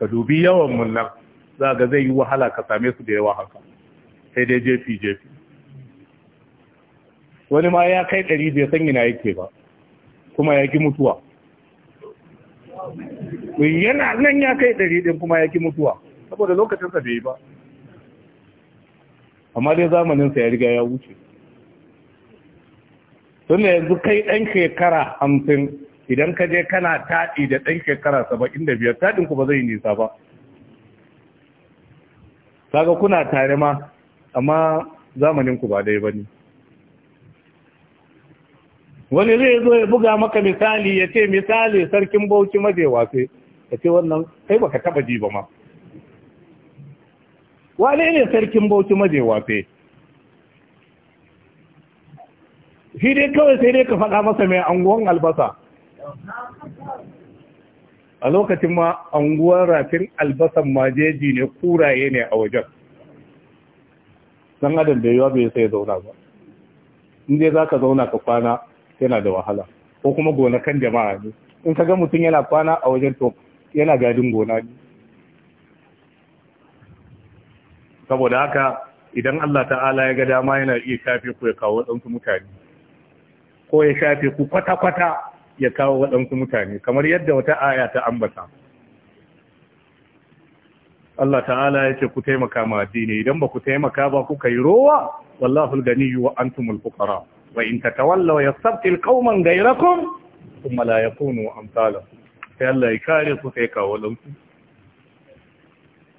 ka dubi yawan mulla nan za ga zai yi wahala ka same su da yawa haka sai dai jefi jefi wani ma ya kai ɗari bai san ina yake ba kuma ya ki mutuwa yana nan ya kai ɗari ɗin kuma ya ki mutuwa saboda lokacinsa bai yi ba amma dai zamaninsa ya riga ya wuce tun da yanzu kai ɗan shekara hamsin idan ka je kana taɗi da ɗan shekara saba'in da biyar taɗin ku ba zai nisa ba kaga kuna tare ma amma zamanin ku ba dai ba ne wani zai zo ya buga maka misali ya ce misali sarkin bauchi majewa sai ya ce wannan kai baka taba ji ba ma wane ne sarkin bauchi maje wafe? shi dai kawai sai dai ka faɗa masa mai anguwan albasa a lokacin ma anguwan rafin albasan majeji ne kuraye ne a wajen don adam da yiwa bai sai zauna ba inda za ka zauna ka kwana yana da wahala ko kuma gonakan jama'a ne in ka ga mutum yana kwana a wajen to yana gadin gona ne saboda haka idan Allah ta'ala ya ga dama yana iya shafe ku ya kawo waɗansu mutane ko ya shafe ku kwata-kwata ya kawo waɗansu mutane kamar yadda wata aya ta ambata Allah ta'ala ya ce ku taimaka ma addini idan ba ku taimaka ba kuka yi rowa wallahu al-ganiyyu wa antumul fuqara wa in tatawallaw yastabtil qauman ghayrakum thumma la yakunu amsalakum sai Allah ya kare ku sai kawo lanku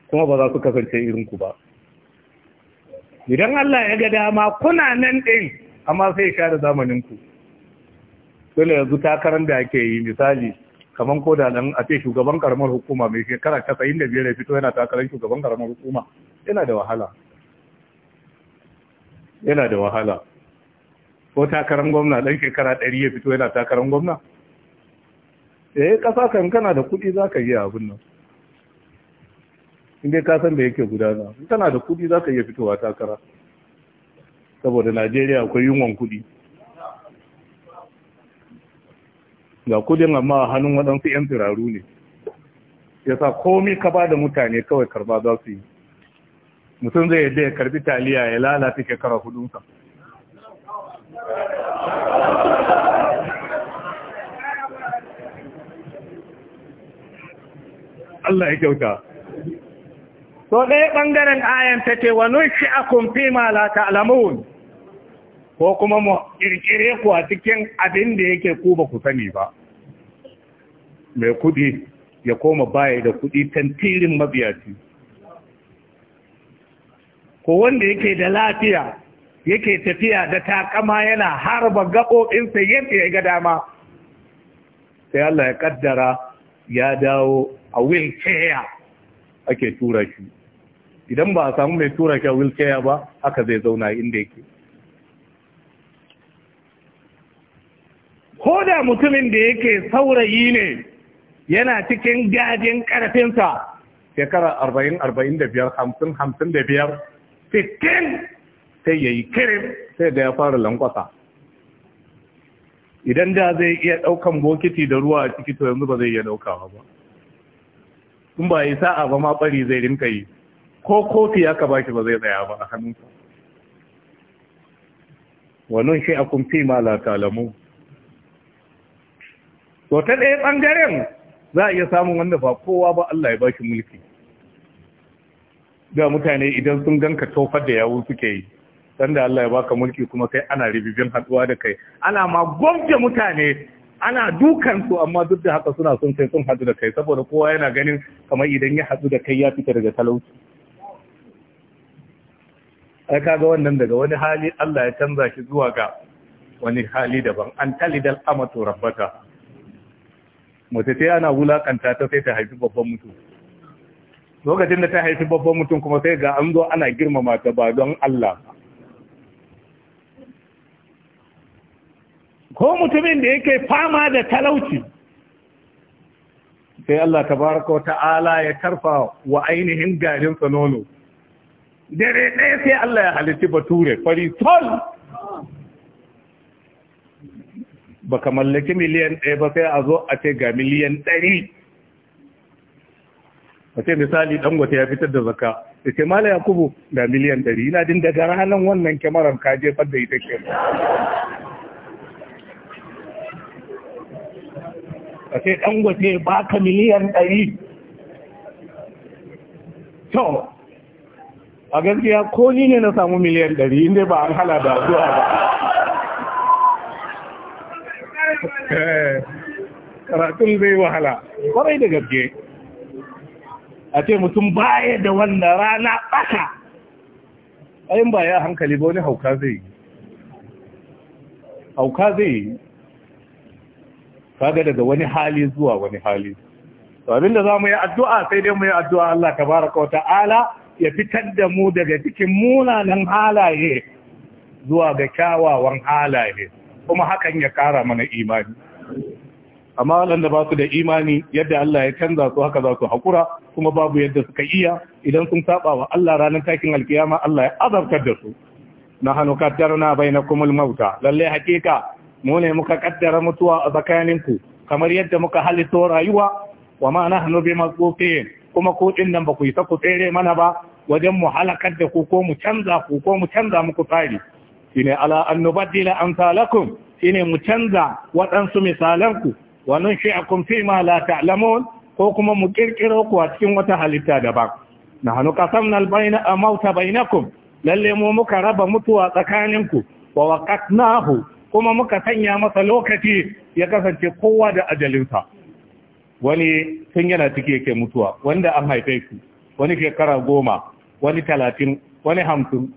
kuma ba za su kasance irin ku ba idan Allah ya ga dama kuna nan ɗin amma sai ya zamanin ku. dole yanzu takarar da ake yi misali kamar ko da nan a ce shugaban karamar hukuma mai shekara casa'in da biyar ya fito yana takarar shugaban karamar hukuma yana da wahala yana da wahala ko takarar gwamna ɗan shekara ɗari ya fito yana takarar gwamna eh ƙasa kan kana da kuɗi za ka yi abin nan inda ka san da yake gudana tana da kudi za ka iya fitowa takara saboda najeriya akwai yunwan kudi ga kudin amma a hannun waɗansu 'yan turaru ne ya sa komi ka ba da mutane kawai karba za su yi mutum zai yadda ya karbi taliya ya lalata kara hudunsa Allah ya kyauta to ɗaya ɓangaren ayan ta ce wa nushi a kumfi malata alamun ko kuma mu ƙirƙire ku a cikin abin da yake ku ba ku sani ba mai kudi ya koma baya da kudi tantirin mabiyaci ko wanda yake da lafiya yake tafiya da takama yana harba gaɓoɓinsa yadda ya ga dama sai Allah ya kaddara ya dawo a wilkaya ake tura shi idan ba a samu mai tura shi a wilkaya ba haka zai zauna inda yake ko da mutumin da yake saurayi ne yana cikin gajin karfinsa shekara arba'in arba'in da biyar fitin sai ya yi kirin sai da ya fara lankwasa idan da zai iya ɗaukan bokiti da ruwa a ciki to yanzu ba zai iya ɗaukawa ba in ba yi sa'a ba ma bari zai rinka yi ko kofi aka ba shi ba zai tsaya ba a hannunsa wannan shi a kumfi malata lamu to ta ɗaya ɓangaren za a iya samun wanda ba kowa ba Allah ya baki mulki da mutane idan sun ganka tofar da yawu suke yi sanda Allah ya baka mulki kuma sai ana ribibin haɗuwa da kai ana ma mutane ana dukan su amma duk da haka suna son sai sun haɗu da kai saboda kowa yana ganin kamar idan ya haɗu da kai ya fita daga talauci ai kaga wannan daga wani hali Allah ya canza shi zuwa ga wani hali daban an talidal amatu rabbaka mace sai ana wulakanta ta sai ta haifi babban mutum lokacin da ta haifi babban mutum kuma sai ga an zo ana girmama ta ba don Allah ko mutumin da yake fama da talauci sai Allah tabaraka wa ta'ala ya karfa wa ainihin garin sa nono dare ɗaya sai Allah ya halitti bature fari sol ba ka mallaki miliyan ɗaya ba sai a zo a ce ga miliyan ɗari a ce misali ɗan wata ya fitar da zaka da ce mala yakubu ga miliyan ɗari yana din daga ranar wannan kyamarar ka jefar da ita ke a ce wata ya baka miliyan ɗari to a gaskiya ko ni ne na samu miliyan ɗari inda ba an hala da zuwa ba eh, karatun zai wahala kwarai da gaske a ce mutum baya da wannan rana ɓaka ayin ba ya hankali ba wani hauka zai hauka zai kaga daga wani hali zuwa wani hali to abinda za mu yi addu'a sai dai mu yi addu'a Allah ta baraka wata ala. ya fitar da mu daga cikin munanan halaye zuwa ga kyawawan halaye kuma hakan ya kara mana imani amma waɗanda ba su da imani yadda Allah ya canza su haka za su haƙura kuma babu yadda suka iya idan sun saba wa Allah ranar takin alkiyama Allah ya azabtar da su na hannu kaddarna bai na kumul mauta Lallai hakika mu ne muka kaddara mutuwa a tsakaninku kamar yadda muka halitta rayuwa wa ma na hannu bi masbuqin kuma ko ɗin nan ba ku yi ku tsere mana ba wajen mu halakar da ku ko mu canza ku ko mu canza muku tsari shine ala an nubaddila amsalakum shine mu canza waɗansu misalanku wa nunshi'akum fi ma la ta'lamun ko kuma mu kirkiro ku a cikin wata halitta daban nahnu qasamna albayna mauta bainakum lalle mu muka raba mutuwa tsakaninku wa waqatnahu kuma muka sanya masa lokaci ya kasance kowa da ajalinsa wani tun yana cike yake mutuwa wanda an haife shi wani shekara goma wani talatin wani hamsin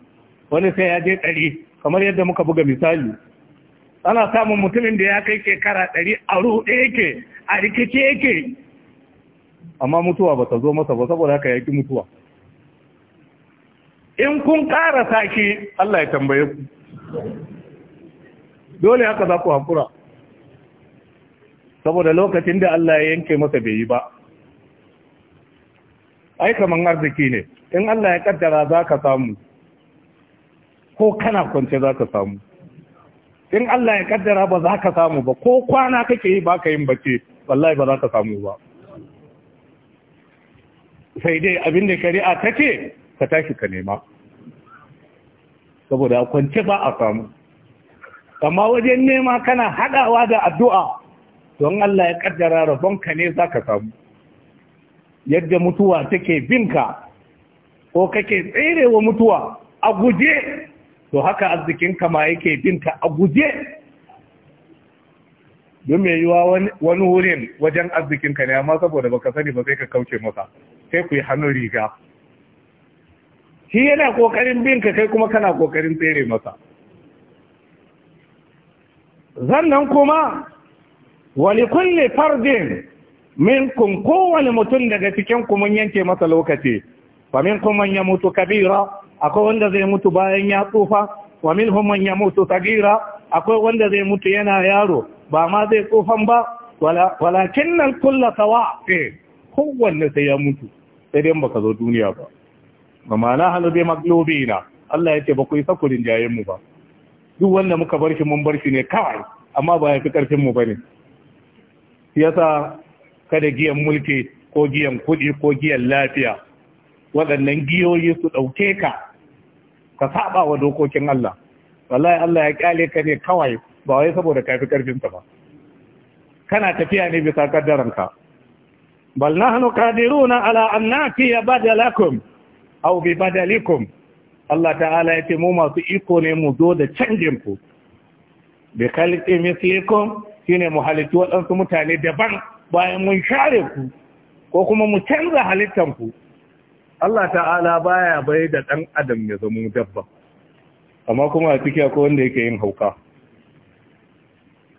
wani sai ya je ɗari kamar yadda muka buga misali ana samun mutumin da ya kai shekara ɗari a ruɗe yake a rikice yake amma mutuwa ba ta zo masa ba saboda haka ya ki mutuwa in kun ƙara saki Allah ya tambaye ku dole haka za ku haƙura saboda lokacin da Allah ya yanke masa bai yi ba ai kaman arziki ne in Allah ya kaddara za ka samu ko kana kwance za ka samu in Allah ya kaddara ba za ka samu ba ko kwana kake yi ba ka yin bacci wallahi ba za ka samu ba sai dai abin da shari'a ta ce ka tashi ka nema saboda kwance ba a samu amma wajen nema kana haɗawa da addu'a don Allah ya kaddara rabonka ne za ka samu yadda mutuwa take binka ko kake tserewa mutuwa a guje to haka arzikinka ma yake binka a guje don mai wa wani wurin wajen arzikinka ne amma saboda baka sani ba sai ka kauce masa sai ku yi hannun riga shi yana kokarin binka kai kuma kana kokarin tsere masa zannan kuma wani kulle fardin Minkun kowane mutum daga cikin mun yanke masa lokaci Wa min kun manya mutu kabira akwai wanda zai mutu bayan ya tsufa wa min kun manya mutu sagira akwai wanda zai mutu yana yaro ba ma zai tsufan ba walakin nan kulla sawa eh kowanne sai ya mutu sai dai baka zo duniya ba ba ma na halu maglobi na. Allah ya ce ba ku yi sakurin jayenmu mu ba duk wanda muka bar shi mun bar shi ne kawai amma ba ya fi karfin mu bane yasa kada giyan mulki ko giyan kuɗi ko giyan lafiya waɗannan giyoyi su ɗauke ka ka saba wa dokokin Allah wallahi Allah ya kyale ka ne kawai ba wai saboda ka fi karfin ba kana tafiya ne bisa kaddaran ka bal nahnu qadiruna ala an nafiya badalakum aw bi badalikum Allah ta'ala ya ce mu masu iko ne mu zo da canjin ku bi khalqi mislikum shine mu halitta waɗansu mutane daban bayan mun share ku ko kuma mu canza halittar ku Allah ta'ala baya bai da ɗan adam ya zama dabba amma kuma a ciki akwai wanda yake yin hauka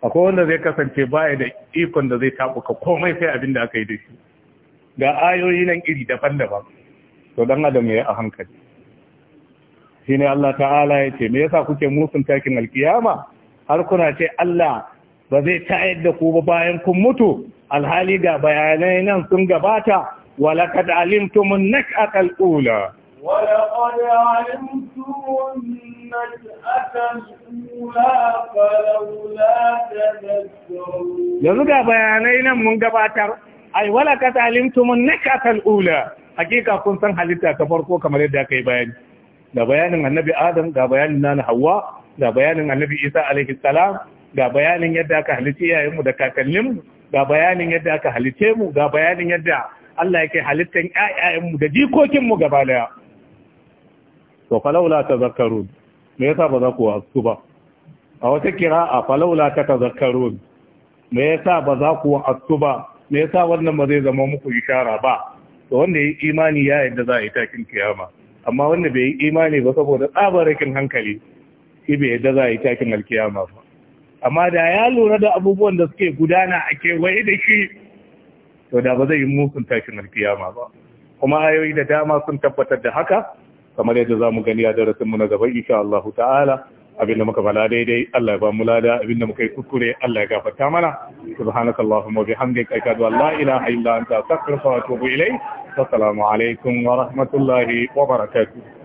akwai wanda zai kasance baya da ikon da zai tabuka komai sai abin da aka yi da shi ga ayoyi nan iri daban-daban to dan adam ya a hankali shine Allah ta'ala ya ce me yasa kuke musun takin alkiyama har kuna ce Allah ba zai tayar da ku ba bayan kun mutu alhali ga bayanai nan sun gabata walaqad alimtumun nak'atal ula ولقد علمتم النشأة الأولى da تذكرون yanzu ga bayanai nan mun gabatar ai wala ka talimtum nakatal ula hakika kun san halitta ta farko kamar yadda aka yi bayani da bayanin annabi adam ga bayanin nan hawa ga bayanin annabi isa alaihi salam ga bayanin yadda aka halitta yayinmu da kakannin ga bayanin yadda aka halitte mu ga bayanin yadda Allah yake halittan ƴaƴayenmu da jikokinmu gaba daya to falaula tazakkarun me yasa ba za ku wasu ba a wata kira'a falaula ta tazakkarun me yasa ba za ku wasu ba me yasa wannan ba zai zama muku ishara ba to wanda yi imani ya yadda za a yi takin kiyama amma wanda bai yi imani ba saboda tsabarakin hankali shi bai yadda za a yi takin alkiyama ba amma da ya lura da abubuwan da suke gudana a kewaye da shi to da ba zai yi musun tashin alkiyama ba kuma ayoyi da dama sun tabbatar da haka kamar yadda za mu gani a darasin mu na gaba insha Allahu ta'ala abinda muka bala daidai Allah ya ba mu lada abinda muka yi kukure, Allah ya gafarta mana subhanaka allahumma bihamdika ashhadu an la ilaha illa anta astaghfiruka wa atubu ilayk assalamu alaikum wa rahmatullahi wa barakatuh